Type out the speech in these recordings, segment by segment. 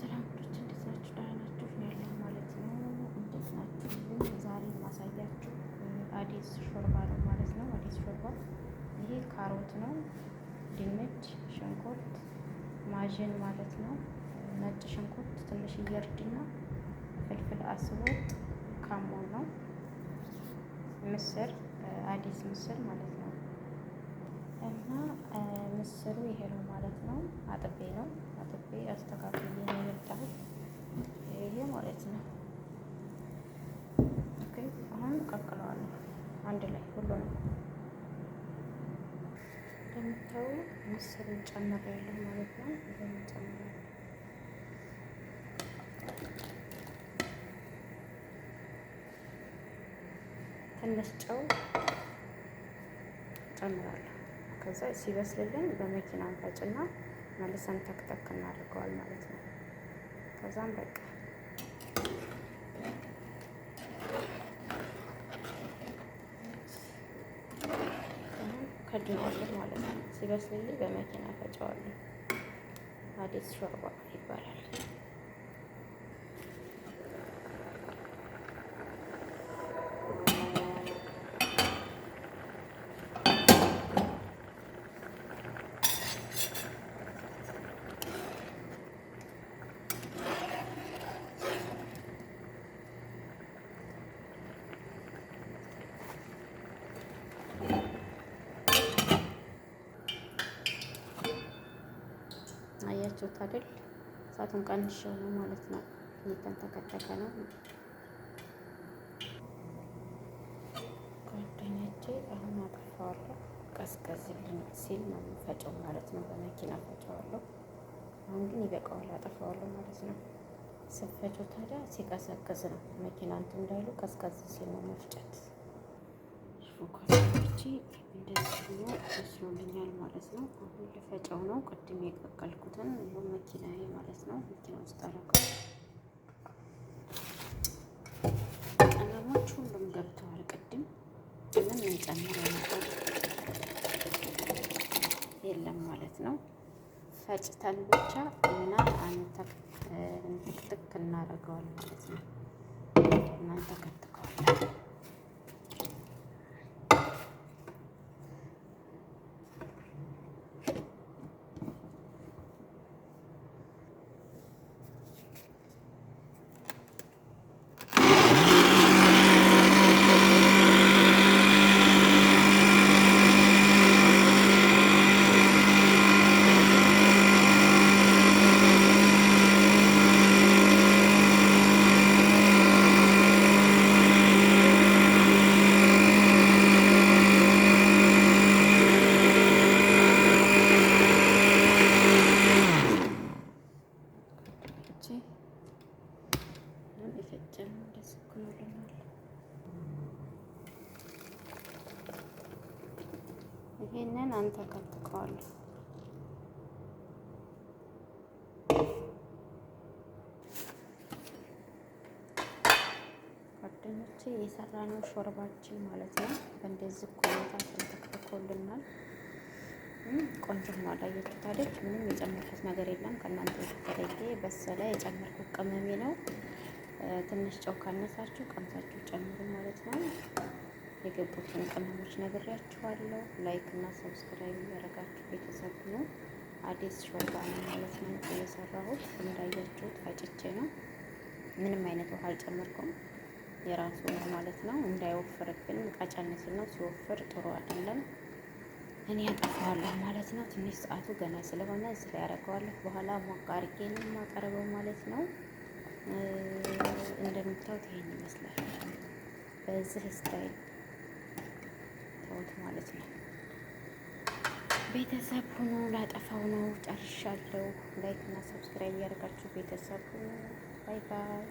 ሰላም ውዶች እንዴት ናችሁ? ደህና ናችሁ? ማለት ነው። እንዴት ናችሁ? ዛሬ አዲስ ሾርባ ነው ማለት ነው። አዲስ ሾርባ ይሄ ካሮት ነው፣ ድንች፣ ሽንኩርት ማዥን ማለት ነው። ነጭ ሽንኩርት ትንሽ እየርድና ፍልፍል አስቦት ካሞን ነው ምስር፣ አዲስ ምስር ማለት ነው። እና ምስሩ ይሄ ነው ማለት ነው። አጥቤ ነው አጥቤ አስተካክዬ ነው የወጣሁት ይሄ ማለት ነው። ኦኬ አሁን ቀቅለዋለሁ አንድ ላይ ሁሉ ሁሉንም እንደምታዩ ምስሩን ጨምሬያለሁ ማለት ነው። ይሄን ጨምሬያለሁ ትንሽ ጨው ጨምራለሁ። ከዛ ሲበስልልን በመኪና እንፈጭና መልሰን ተክተክ እናድርገዋል ማለት ነው። ከዛም በቃ ከድነዋለን ማለት ነው። ሲበስልልኝ በመኪና ፈጨዋለን። አዲስ ሾርባ ይባላል። አያችሁት አይደል? እሳቱን ቀንሽው ነው ማለት ነው። እየተንተከተከ ነው ጓደኞቼ። አሁን አጠፋዋለሁ። ቀዝቀዝልን ሲል ነው ፈጨው ማለት ነው። በመኪና ፈጨዋለሁ። አሁን ግን ይበቃዋል፣ አጠፋዋለሁ ማለት ነው። ስፈጨው ታዲያ ሲቀዘቅዝ ነው መኪና እንትን እንዳይሉ ቀዝቀዝ ሲል ነው መፍጨት። ፎካሲ እንደዚህ ነው ስሎልኛ ማለት ነው። አሁን ልፈጨው ነው። ቅድም የቀቀልኩትን ይሁን መኪና ማለት ነው። መኪና ውስጥ አደረገው። ቀለሞች ሁሉም ገብተዋል። ቅድም ምንም እንጨምር ነበር የለም ማለት ነው። ፈጭተን ብቻ አንተ አንተክትክ እናደርገዋል ማለት ነው። እናንተ ይሄንን አንተከትከዋለሁ። የሰራ የሰራነው ሾርባችን ማለት ነው በእንደዚህ ሁኔታ ተንተክትኮልናል። ቆንጆ ነው አላየችሁት ምንም የጨመርኩት ነገር የለም። ከእናንተ የተለየ በሰለ የጨመርኩት ቅመሜ ነው። ትንሽ ጨው ካነሳችሁ ቀምሳችሁ ጨምሩ ማለት ነው። የገቡትን ቅመሞች ነግሬያችኋለሁ። ላይክ እና ሰብስክራይብ እያደረጋችሁ ቤተሰብ ነው። አዲስ ሾርባ ነው ማለት ነው የሰራሁት። እንዳያችሁት አጭቼ ነው። ምንም አይነት ውሃ አልጨመርኩም። የራሱ ነው ማለት ነው። እንዳይወፍርብን ቃጫነት ነው። ሲወፍር ጥሩ አይደለም። እኔ ያጠፋዋለሁ ማለት ነው። ትንሽ ሰዓቱ ገና ስለሆነ እዚህ ላይ ያደርገዋለሁ። በኋላ ሞቅ አድርጌ ነው የማቀርበው ማለት ነው። እንደምታዩት ይሄን ይመስላል በዚህ ስታይል የሰራሁት ማለት ነው። ቤተሰብ ሁኑ። ላጠፋው ነው። ጨርሻለሁ። ላይክ እና ሰብስክራይብ ያደርጋችሁ ቤተሰብ ሁኑ። ባይ ባይ።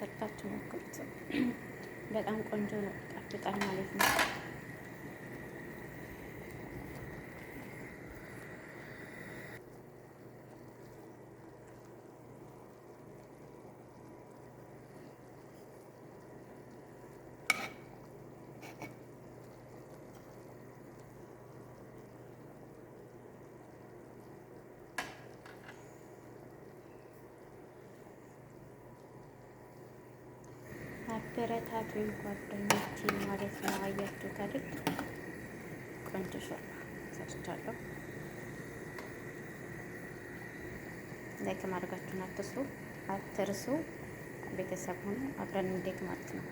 ሰርታችሁ ሞክሩት። በጣም ቆንጆ ነው፣ ጣፍጣል ማለት ነው። አበረታቱኝ ጓደኞች ማለት ነው። አያችሁ ታሪክ ቆንጆ ሾርባ ሰርቻለሁ። ላይክ ማድረጋችሁን አትርሱ አትርሱ። ቤተሰብ ሆኖ አብረን እንዴት ማለት ነው